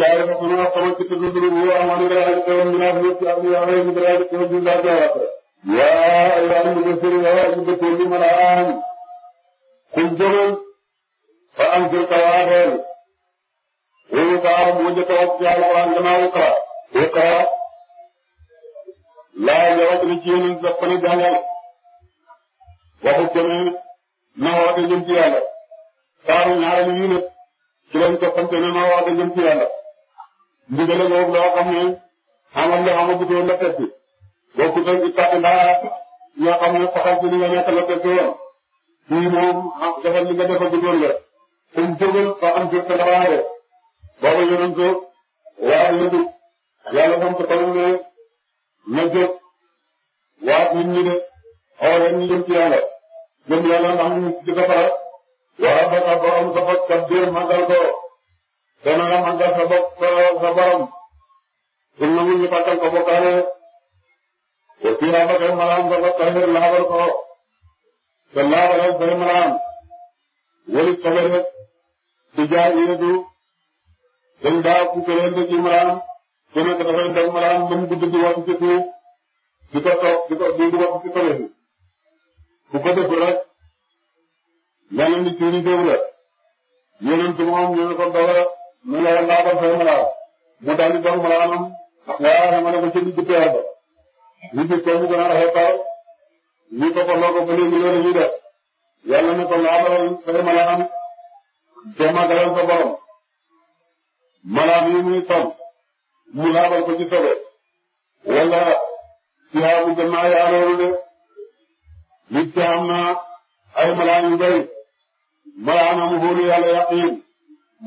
laal ma sama sama ci tuddu duru wa amani la ilaha illa allah wa la ilaha illa allah wa la ilaha illa allah ya ayyuhal mudaththir ya ayyuhal mudaththir kun jógal fa anzir tawaafeel wéyu a wax ci alquran gannaaw iqra iqra laa nga wax ni fa ne jàngal waxu keneen na wax de jëm ci yàlla saaru ñaareel yi nag ci lañ toppante ne na wax de jëm ci ndigale boobu loo xam ne xamal nga xamagutoon la fekk bokkutoon ci kàttan daal yoo xam ne saxal ci li nga nekk la fekk woon fii moom ah defal li nga defagutoon la suñ jógal ba am jot sa dafa rek boobu yoroon ko waaye la dugg yàlla sant ko ne na jóg waat nit ñi de xaw leen ñu jëm ci yàlla jëm yàlla ndax ñu ci sa farat wala ba sa borom sa fas sa biir màggal ko dana la màggal sa bopp sa borom pour nga mun ñu fàttal ko bokkaale aussi rafetal maanaam sa bopp tamit laabal ko te laabalal say maanaam wële ca bële di jaay yéegu dañ daa ku këleel ci maanaam ku nekk dafay dem maanaam ba mu gudd di wax ci suuf di ko toog di ko di wax ci kële bi bu ko def rek leneen li ci wu ñu déglu la yeneen ci moom ñu ne ko dawal. mu ne laa ko fay mënaaw mu daal di doon mënaanam waaye xam nga ko ci biir pexe ba. li ci pexe bu gën a rafetal ñu toppandoo ko ba léegi loolu ñuy def yàlla ne ko laa doon fay mënaanam te màggalal ko borom. mënaan yi muy toll mu laabal ko ci sobe wala ci xaabu gën naa yaaloolu de nit ki am na ay mënaan yu bëri mënaanam xoolu yàlla yaqiin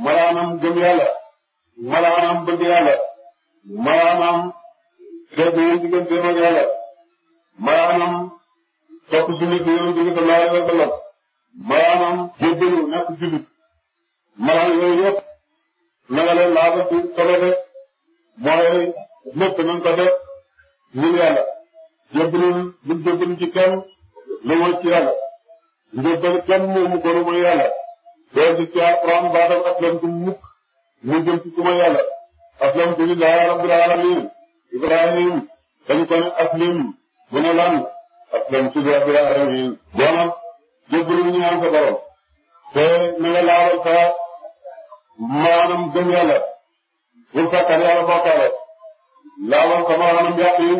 malaanam gëm yàlla malaanam bëgg yàlla malaanam xeet yi digganteem ak yàlla malaanam topp jullit yi yonent bi sallallahu alayhi wa sallam malaanam jéggalu nekk jullit malaan yooyu yëpp na nga leen laaba ci sobete mooy lépp nañ doo gis ci alxuraan baatam aslamtu mukk mu jëm ci kuma yàlla aslamtu lillahi rabbil alamin ibrahim dañ ko ne aslim mu ne lan aslamtu rabbil alamin doonam jébbalu ñu ñaan sa borom te na nga laabal sa maanam gëm yàlla pour sàkkat yàlla bokkaale laabal sa maanam yaqin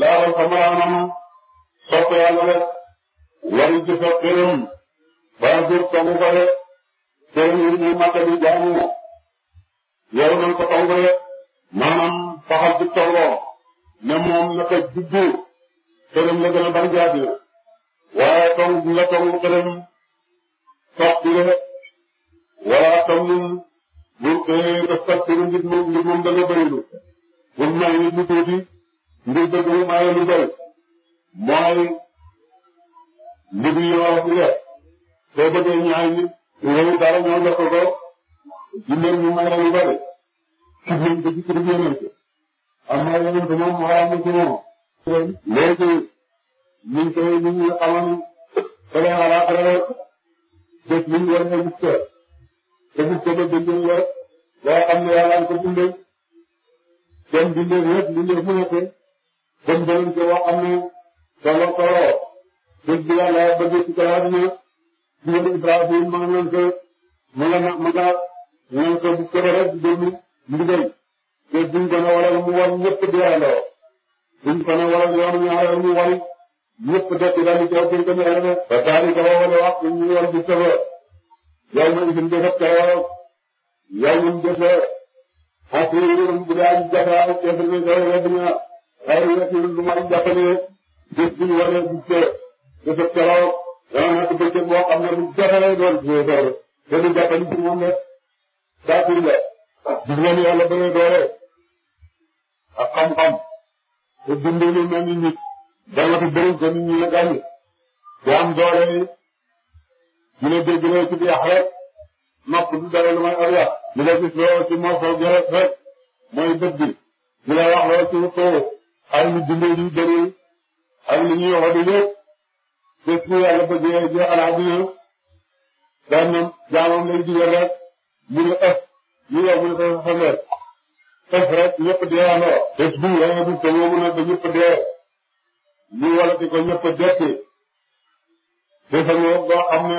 laabal sa maanam sopp yàlla rek wari ci sa xërëm balaa góob togg ko rek seen yëngu ñu màkk di jaamu yow nañ ko togg rek maanaam faxal ci tolloo ne moom naka juddu xërëm la gën a bari jaati na waaye tong bi nga tong xërëm soxti la wala tam ñun bu xëyee nga soxti lu ngir moom ngir moom dana bëri lu bu may nit ñu tuuti ngir dëgg mu maye lu bëri mooy mbir yoo xam ne soo bëggee ñaari nit ñooñu dara ko ko ñu mel ni moom la ñu bëri. ci biir bi ci biir yeneen ci. am na yeneen ci moom moo amul ci mi ngi war a te gis ko ba dëgg yàlla boo xam ko bindee. kenn bindee ñëpp bindee fu nekk. dem beneen ci boo xam ne. dara ko ñu ngi Ibrahim ma ma nga ma nga ñaan ko bu ko rek déglu ndigal te war ñëpp di àndoo duñ ko ne wala war ñëpp dëkk daal di teew kër ga ñu ànd ak. parce que war di tëbë yow ma itam def ak keroog yow ñu defee ak yéen bu daal di jafewal te fi ñu koy wér ñaar waaye yéen a ngi fi lu may jàppalee bés bëccëg boo xam ne lu jafe lay doon suñuy doole te lu jafe lu ci moom la saafir la gis ngeen yàlla dañuy doole ak xam-xam te dundee fi bëriñ ko la gàññ te am doole ci biir ci morfo gërëm rek mooy bët bi ñu la wax lool ci wut ay nit dundee di bëri ak li ñuy wax di bés bu yàlla bëggee ji alaabi yow daanam jaamam lay digal rek ñu ne ëpp ñu ne ñu ne fa leer ëpp rek ñëpp dee andoo bés bu yàlla bu te moomu nag ba ñëpp dee ñu wala di ko ñëpp dekki bésam yow doo xam ne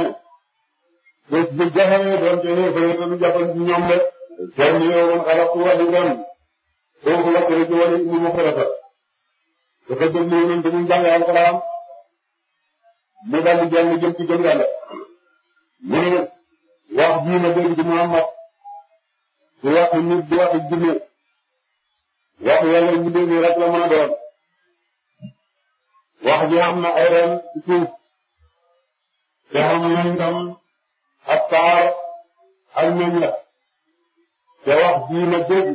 bés bu jaxee doon te yéefare te du jàppal ci ñoom rek seen yow man xalaat ku wàllu gan donc la ko ci wàllu ni mu farata dafa déglu yonent bi mu jàng alxuraan mu daal di jàng jëm ci jëm yàlla mu ne wax bii ma dégg ci Muhammad su waxu nit di waxu jinne waxu yàlla ñu dégg rek la mën a doon wax bi am na ay ren ci suuf te am nañ tam ak taar ak meñ la te wax bii ma dégg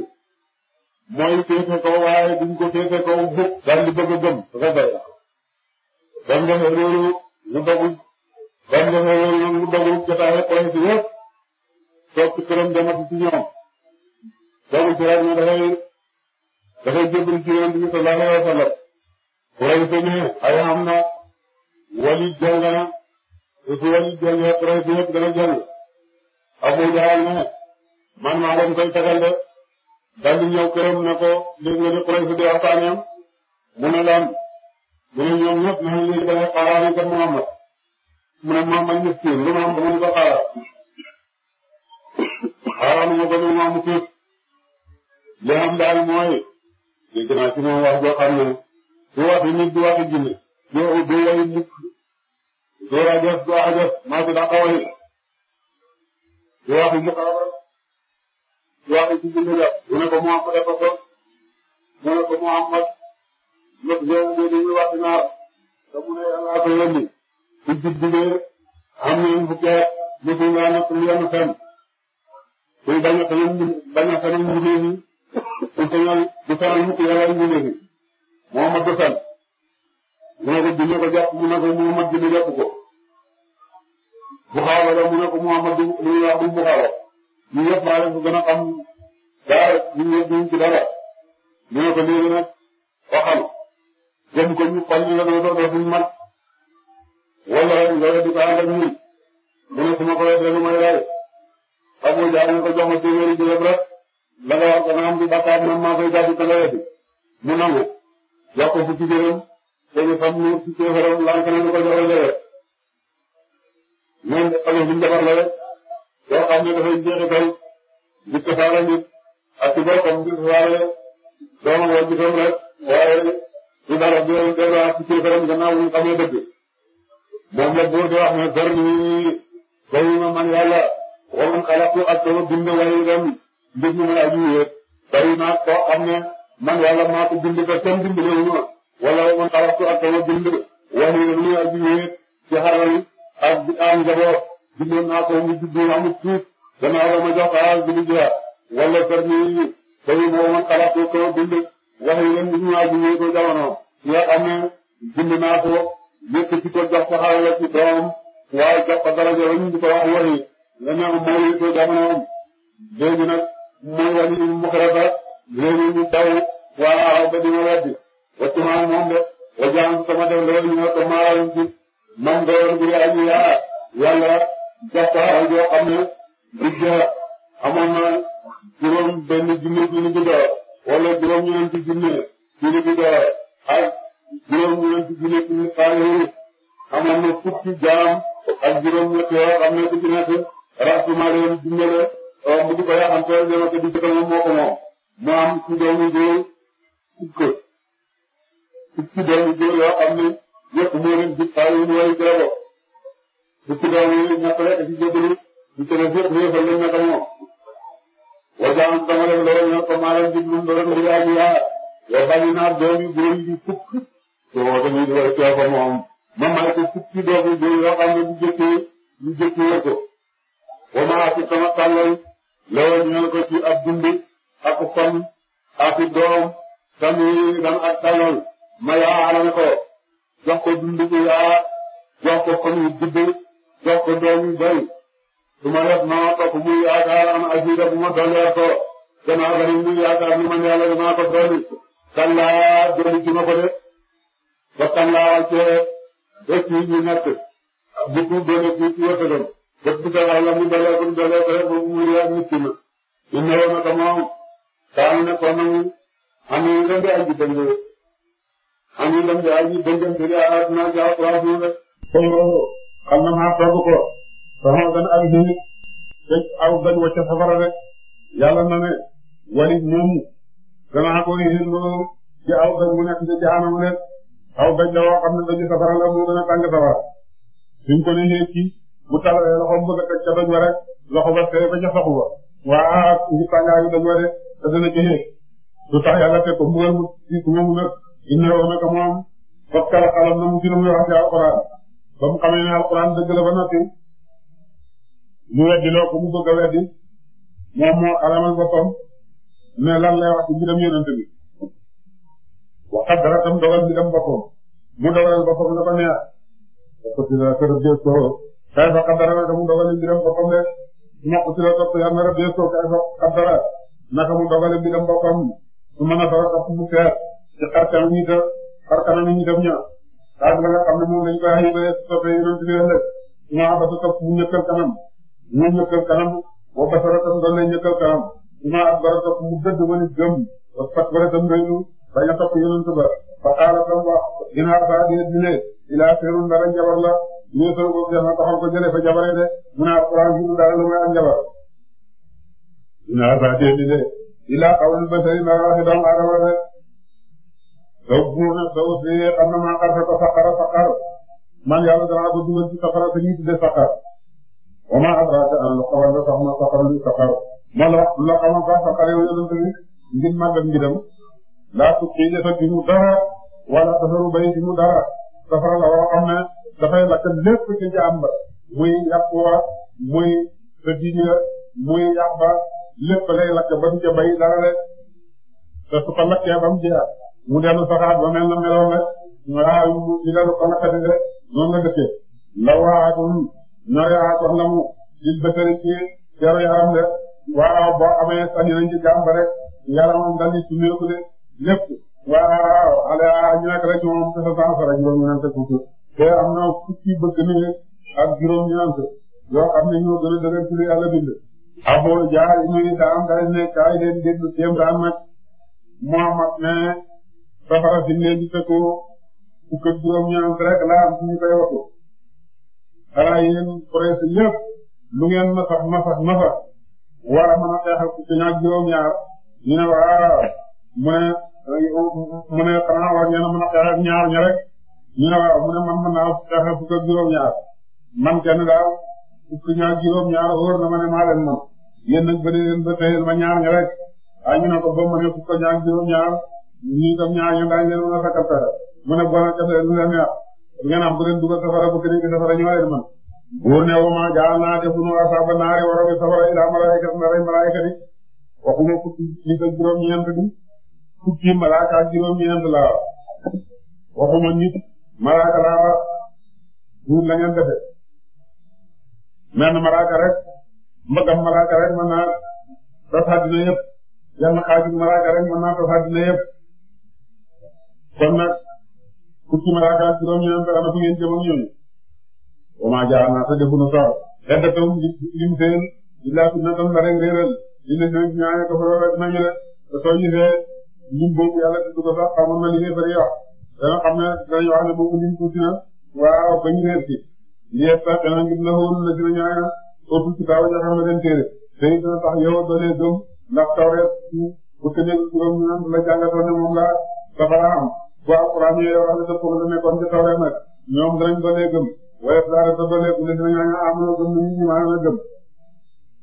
mooy féete kaw waaye duñ ko féete kaw bukk daal di bëgg a gëm su ko defee ba mu defee loolu ñu dogul bañ la xëy na ñoom ñu dogul jotaay ak ñoom dogul ci rek ñu dafay dafay jébbal ci yonent bi sallallahu alayhi wa sallam. projet na wali jàng na su wali jàngee projet bi yëpp dana jàng Abu man maa doon koy tegal de daal di ñëw ko dégg nga ne projet bi mu ne lan. mu ne ñoom ñëpp ñu ngi leen di defee xaaral yi Muhammad mu ne Muhammad miskin lu mu am dama ñu ko xaaral xaaral ñu ko moom mu tuut li am daal mooy dégg naa ci moom wax joo xam ne du waxi nit du waxi jinne yow du way mukk doo rajas doo ajas maa ci daqa way du waxi mu xaaral du waxi ci jinne du ne ko Muhammad dafa ko mu ne ko Muhammad ñëpp ñëw ñu ne ñu wax si naar te mu ne yàlla ko yónni ci digg am nañu bu kee mosul nga nekk lu yem fenn muy bañ a feneen bañ a feneen ñu ne nii pour que ñoom du feneen mukk yàlla ñu ne nii moo mat du fen mu ne ko dina ko jàpp mu ne ko mu mat dina jàpp ko bu xaaral la mu ne ko mu mat du lu wax du bu xaaral ñun yëpp maa leen ko gën a xam dara ñun yëpp ñu ci dara ñu ne ko léegi nag waxal jënd ko ñu fàtte nga doon doon dootuñu mën wala nga def ko ànd ak ñun mu ne su ma ko defee lu may lay Abou Dia ko jox ma téeméeri rek la nga wax nga am ci bàqaat man maa ko fukki jërëm te ñu xam ñu ci teefaram ko jox la jërëm ñoom xale bi ñu defar la rek yoo xam ne dafay jeexital di tasaare nit ak ci boppam rek waaye. ci dara bi yow Ndeye Ba ci kilifaam gannaaw ñu xamee dëgg moom dee wax ne bari nañu na man yàlla waroon xalaatu ak sama bind waaye itam mbir mi mën a ji yéen bari naa koo xam ne man yàlla maa ko bind te kenn bind loolu ma wala man xalaatu ak sama bind waaye itam li a ji yéen ci xaral ak am njaboot bindoon mu judd amut tuut gannaaw la ma jox xaaral bi di wala bari nañu bari na man xalaatu sama bind. wax yi leen ñu ñëwaat ñu ko jamono ñoo xam ne bind naa ko ñëpp ci ko jox ko xarala ci doom waaye jox ko daraja ñu di ko wax wax yi la ñu am mooy ko jamonoom léegi nag mooy wàllu mu xarala léegi ñu taw waa aw ba dina weddi wàcc naa moom de wa jaam sama def loolu ñu ne ko maaral ci man de woon bi ay yaa yàlla jox ko xaral joo xam ne du amoon na juróom benn junni junni wala juróom-ñeenti junne junne bi doole ak juróom-ñeenti junne ci misaal yi na fukki jaam ak juróom-ñett yoo xam ne ku ci nekk rafetuma leen dimbale euh, mu di ko yaxanteel yow te di ci kanam moo ko moom mu am ci doomu góor fukk fukki doomu góor yoo xam ne yëpp moo leen di saa yu ñëwee ci la ko fukki doomu ñett rek ci jégalu ñu tënk yëpp ñu yëfal leen naka moom. jaamu dama leen lool ñor ko maa leen dig ñun lool ngir yaa ngi yaa yow bàyyi naa doom yu góor yi fukk te woo tamit loolu teew ko moom ma may ko fukki doom yu góor yoo xam ne bu jëkkee ñu jëkkee ko. wa maa ci sama tàllal lool ñor ko ci ab dund ak fan ak doom tamit daan ak tàllal ma yaaral ko jox ko dund bi yaa jox ko fan yu gudd jox ko doom yu bëri. su ma def maa topp muy yaakaar am ajira bu ma dolliwaat ko gannaaw ba ni muy yaakaar ni man yàlla dinaa ko dolli. tallaa dolli ji ma ko de ba tallaa wàcce rek yi ñu nekk butu doole fii ci wërsëgam. bët bu fexe la mu dollee ko mu dollee ko rek ba mu wuri ak nit ki na. ñu newee na ko moom saa ne kon nag am nañu dem di aji dëng am nañu dem di aji dëngam te de ah naa jaaxal waaw moom rek. kon xam na maa topp ko. te moo gën aw dënnu te aw gën wacca safara rek yàlla na ne walit moom danaa ko yëngu ci aw gën mu nekk ci jaanam rek aw gën la woo ne dañu safara la moo gën a tàng safara suñ ko nee yéeg mu talalee loxoom bëgg a teg ca doñ loxo ba tey ba ca saxu ba waa ngi tàngaayu doñ wa de te dana ca yéeg su tax yàlla fekk ko mbugal mu ci moomu nag inna woo nag moom foog kala xalam mu ci lu muy wax ci alquran ba mu xamee ne alquran dëgg la ba mu weddiloo ko mu bëgg a weddi moom moo alamal boppam mais lan lay wax mbiram yonent bi waxat dara dogal mbiram boppam mu dogalal boppam la ko neex qutila rabbihi kayfa qaddara naka mu dogal mbiram boppam de dogal mbiram boppam summa nazara topp mu seet ci xar kanam ñi def xar kanam ñi def ña la nga xam ne moom lañ koy ayibale soppe yonent bi ëllëg summa abasa topp mu ñëkkal kanam mu ñëkkal kanam wa basaratam doon na ñëkkal kanam ima ak bara topp mu gëdd wani gëm wa fat bara tam doynu bañ a topp yonent ba fa xaala tam wax dina fa dina dina ilaa seerun dara njabar la ñëw soo ko jël na taxal ko jëlee fa jabaree de mu naa alquran jidu dara lu may am njabar dina fa dina dina ilaa awul basari dara waxi doomu aadama de soo buur na soo see xam na maa xar fa ko faqara faqar man yàlla danaa ko dugal ci safara te ñu tudde faqar wa maa adraaka an xamal la sax ma saxal li saxar ma la la xamal ba saxar yow yonent bi dara wala tasaru bay ci mu la woo xam ne dafay lakk wa muy sa diine muy yàq dara rek te su ko lakkee mu jeex mu dellu saxaat ba mel meloon rek waaw ñu dellu ko lakkati de noonu la dëkkee la waatum Noorela soxna mu il bësëri ci teru yaram de waaw boo amee sax ci jàmb rek yaramam daal di sumeeku de lépp waaw ala ñu nekk rek moom te sa sans rek loolu ñu naan te tuuti te am na fukki bëgg ni ak juróom-ñeent yoo xam ne ñoo gën a dëgër ci li yàlla bind. Abou Diar muy daan daal ne kaay safara si leen di tëkku fukk ak juróom rek laa am suñu koy waxtu. xanaa yéen presse ñëpp lu ngeen masax masax masax war a mën a xeex ak suñu ñaar ñu ne waaw mu a mën a ña rek fukk ak juróom-ñaar man kenn daal fukk ñaar juróom-ñaar wóor na ma leen mën yéen nag bëri leen ba teyel ma ñaar ña rek ah ñu ne ko ba mu fukk ñaar ñaar ñu ñaar ña daañu leen mën a mu ne bon ak kese du leen neex ngeen am bu leen dugal safara bu keneen safara ñoo leen mën buur ne wama jaal naa defunu asaaba naari wara bi safara ila malaayika naray malaayika di waxuma fukki nit ak juróom-ñeent di fukki malaaka ak juróom-ñeent laa waxuma nit malaaka laa buur la ngeen defe menn malaaka rek mbagam malaaka rek mën naa tas àddina yëpp yenn xaaju malaaka rek mën naa tas àddina yëpp kon nag fukki malaaka ak juróom-ñeent ana fu ngeen jëm ak ñooñu wama jaalna sa defu na sax eddatam lim seen illaa fitnatam la rek réeral li ne seen ñaane kafaroo rek nañu le te soo gisee lim boobu yàlla tudd ko sax xamoon na li ngay fari wax dana xam ne danañ wax ne boobu lim tuuti na waaw ba ñu réer ci lies tax dana ngir la xóon na dina ñaane ëpp ci kaaw ja xam ne den téere tey dana tax yow doolee gëm ndax tawreet ci bu ko nekk juróom ñaan la jàngatoon ne moom la safara am bu alquran yi wax ne dëppoo lu nekkoon ci tawreet nag ñoom danañ dolee gëm waaye daara sa dolee gëm dinañ ñaan amaloo gëm nit ñi maanaam gëm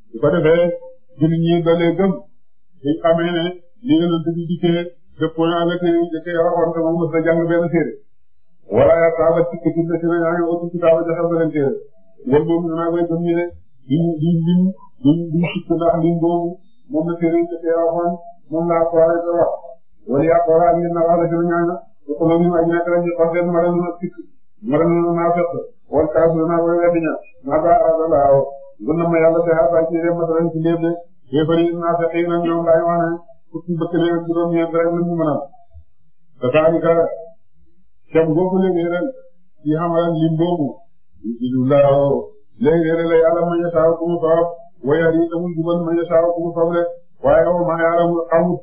bu ko defee jullit ñi dolee gëm buñ xamee li nga doon dugg dikkee dëppoo naa la tey jëkkee waxoon te moom mos na jàng benn téere wala ya saaba ci kii la ci la ñaan otu ci taaba joxal benn moom nee naa koy gëm ñu ne duñ duñ duñ duñ duñ sikk ndax liñ boobu moom la téere jëkkee waxoon yaa ko waxee ak yéen a wax su ko moom ñu waaj nekk rek ñu xool leen mën na sikk mën na naa fekk wala kaas na naa koy weddi ña maa ko arada laaw gën na ma yàlla te xaaral ci réew masalan ci lépp de yéefari naa fekk yi nag ñoom laay wane fukki bëkk leen juróom-ñeent rek lañ ñu mën a te taali ka cam googu léegi ren ci xamalan lim boobu lu laaw léegi ren la yàlla ma ñu taaw ku mu soob wayar yi tamul jubal ma ñu taaw ku mu soob rek waaye aw maa yàlla amul amul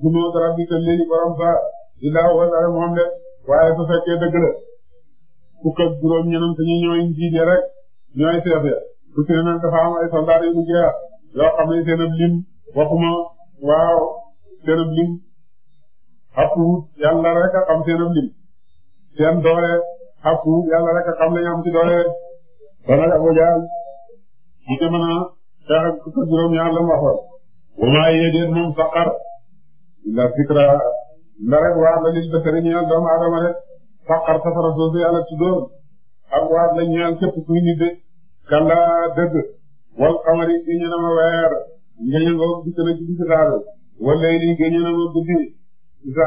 gunóor garab bi te léegi borom saa billaahi wasare moom de waaye su fekkee dëgg la fukk ak juróom ñeneen te ñu ñooy njiit ya rek seef ya su si neen dafa am ay soldat yu ñu jeex yoo xam ne seen lim waxuma waaw seen ab lim xappu yàlla rek a xam seen ab lim seen doole xappu yàlla rek a xam lañu am ci doole banag Abu Jahl bu ca mën a xeex ak fukk ak waxoon wa maa yee déet moom saqar illa fikra ndareeg waar la lil basari ñeel doomu aadama rek faqar safara soosu yàlla tuddoon ak waar la ñeel képp kuy nit de kalla dëgg wal xamari géñe na weer ngéñe ngoo ci bisi ba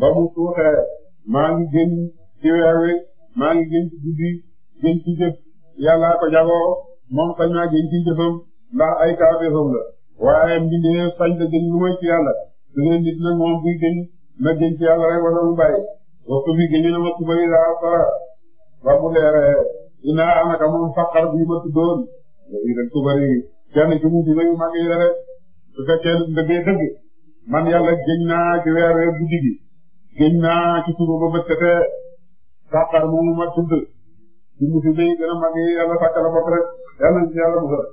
ba mu suuxee maa ngi génn ci weer wi maa ngi génn ci guddi génn ci jëf yàlla ko jagoo moom sañ naa génn ci jëfam ndax ay kaafeefam la waaye mbindeef sañ la génn lu may ci yàlla su nit nag moom buy gëñ na gëñ ci yàlla rek wala mu bàyyi waxtu bi gëñu na ma suba yi daa ba mu leeree dinaa anaka moom faqar bii ma tuddoon léegi nag suba yi kenn ci musiba yu mag yi la rek su fekkee dëggee man yàlla gëñ naa ci weer weer guddi gi gëñ naa ci suba ba bët te faqar moomu ma tudd ci musiba yi gën a mag yi yàlla rek yàlla na ci yàlla musal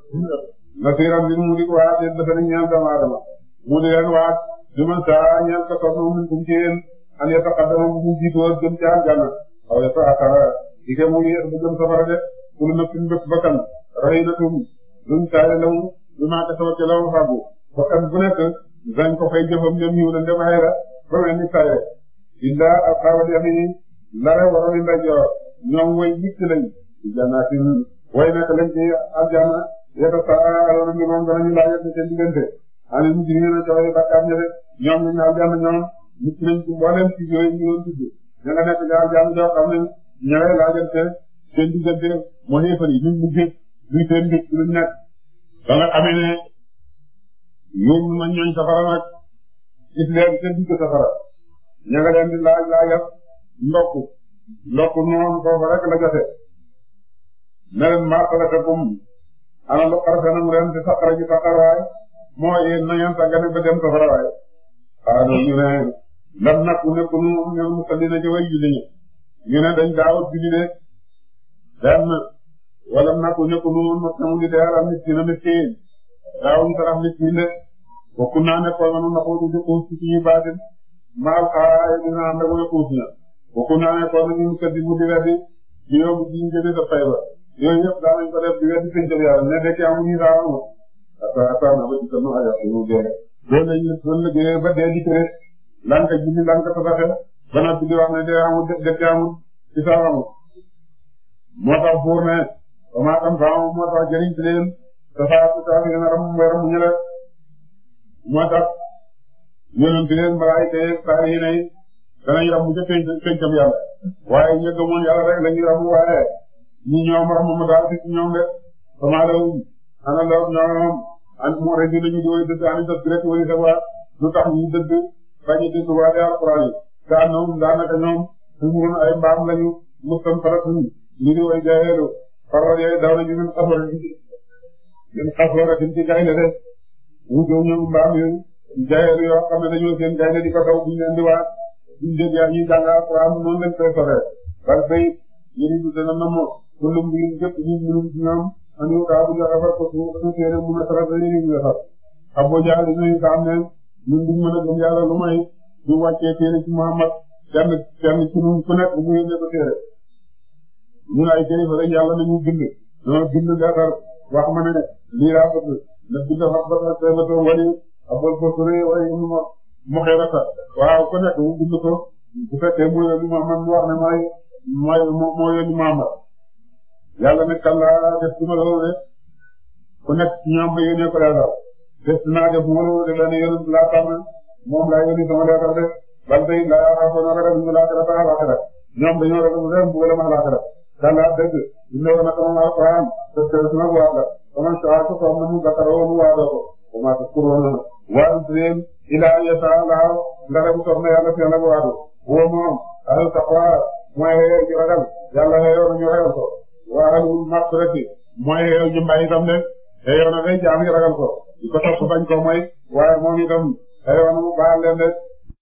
nasiran bi mu di ko waat yéen dafa ne ñaan doomu mu di leen waat bi ma saa ñeel ko toog moom bu mu ci yéen an ya taqaddama bu mu jiitu woon jëm ca aljanna aw ya ta'akhara ike mu yéex bu safara de kulu nafsin bépp bakkan rahinatum luñ taale law bi maa kasabat ca law faagu bakkan bu nekk dañ ko fay jëfam ñoom ñëw na dem ba mel ni taye illa ashabal yamin lare waroon ndajoor ñoom way jiitu lañ jannatin way nekk lañ ci aljanna ya tasaaluna moom danañu laajal ci seen diggante ani mujrimina ca way bakkaar ña ñoom ñu ñaar jàmm ñoom ñu ci nañ ci mboolem ci yooyu ñu doon moo xeefal yi ñu mujj luy seen mbir lu nekk ba nga xamee ma ñooñ safara nag gis leen seen safara ña di laaj laajal ndokk ndokk noonu foofu rek la jote ne leen maasalatakum ana lu xarfe na mu ren di ji saqara moo yéen na ngeen sàggane ba dem safara waaw ñu ne lam nag mu nekk mu ne mu salli na ci way julli ñi ñu ne dañ daawut julli de daan na wala nag mu nekk mu ne mu di dee miskin miskin daawum sarax miskin de bokku naa ne ko manu naxuutu di xuus ci ñu baatin maal xaay dina ànd ak way xuus na bokku naa ne ko manu mu kaddi mu di weddi di yóbbu ci ñu jëlee sa fay ba yooyu yëpp daanañ ko def di weddi sëñ jël yàlla ne dekk amuñu daa amul asa asa na ba ci sa nu ajax yi mu dee loolu la ñuy doon liggéeyee ba dee di tere lan ka julli lan ka tabaxee ba noppi di wax ne dee amul def amul ci saa amul moo tax buur ne ba maa xam saa amul moo tax jëriñ ci leen te saa su saa fi yéen a ram mooy ramuñu la moo tax yónent bi leen malaayika yi saa yi ne danañ ramu ca penc pencam yàlla waaye ña gëmoon yàlla rek la ñuy ramu waaye ñi ñoom ramu mu daal ci ñoom de ba maa daw ana lool ñoom. an moo rek ni lañu doon dëgg am dëgg rek wala savoir lu tax ñu dëgg bañ a dëgg waale alxuraan yi daa ñoom daanaka ñoom umurun ay mbaam lañu mustam faratun ñu di way jaayeelu faral yooyu daw nañu min xaswaratin min xaswaratin ci gaynde de ñu doon ñoom mbaam yu jaayeelu yoo xam ne dañoo seen gaynde di ko daw buñu leen di waat buñu dégg yaa ñuy jàng alxuraan noonu lañ koy soxee parce que yéen it dana namoo kullum bi yéen ñëpp ñu mënum ci ñoom anu ka bu ñu rafet ko suuf suuf yéen a mun a traiter yéen ñu defar Abu Jahl dinañ ko am ne ñun duñ mën a gëm yàlla lu may ñu wàccee téere ci Muhammad kenn ci ñun ku nekk bu ñu yónnee téere ñun ay kilifa rek yàlla nañu bind ñoo bind leetar wax ma ne lii daa bëgg na bind wax ba nga seetlatoo wala abal ko suuree wala mu ma mu xëy rafet waaw ku nekk mu bind ko bu fekkee mooy yoonu Muhammad mu wax ne mooy mooy moo yoonu Muhammad yàlla nag kallaa def ku nekk ci ñoom ma yónnee ko leetar def naa def laa tànn moom laa yónnee sama leetar de bal tey laa xaafoon ak rek ñu laajte dafa laajte rek ñoom dañoo rek mu dem bu wala ma laajte rek kallaa dëgg ñu ne woon la sama saa su soxna mu gàttal woon waa doo ko commencé kuroon na waaye su leen ilaa yasaa laa nga rek soxna yàlla seen ak waatu woo moom al taqwa mooy xëy ci ragal yàlla wa ahlul maghfirati mooy xëyoon ñu mbay itam de xëyoon eh, na day jaam yi ragal ko di ko topp bañ ko mooy waaye moom itam xëyoon eh, mu baal leen de.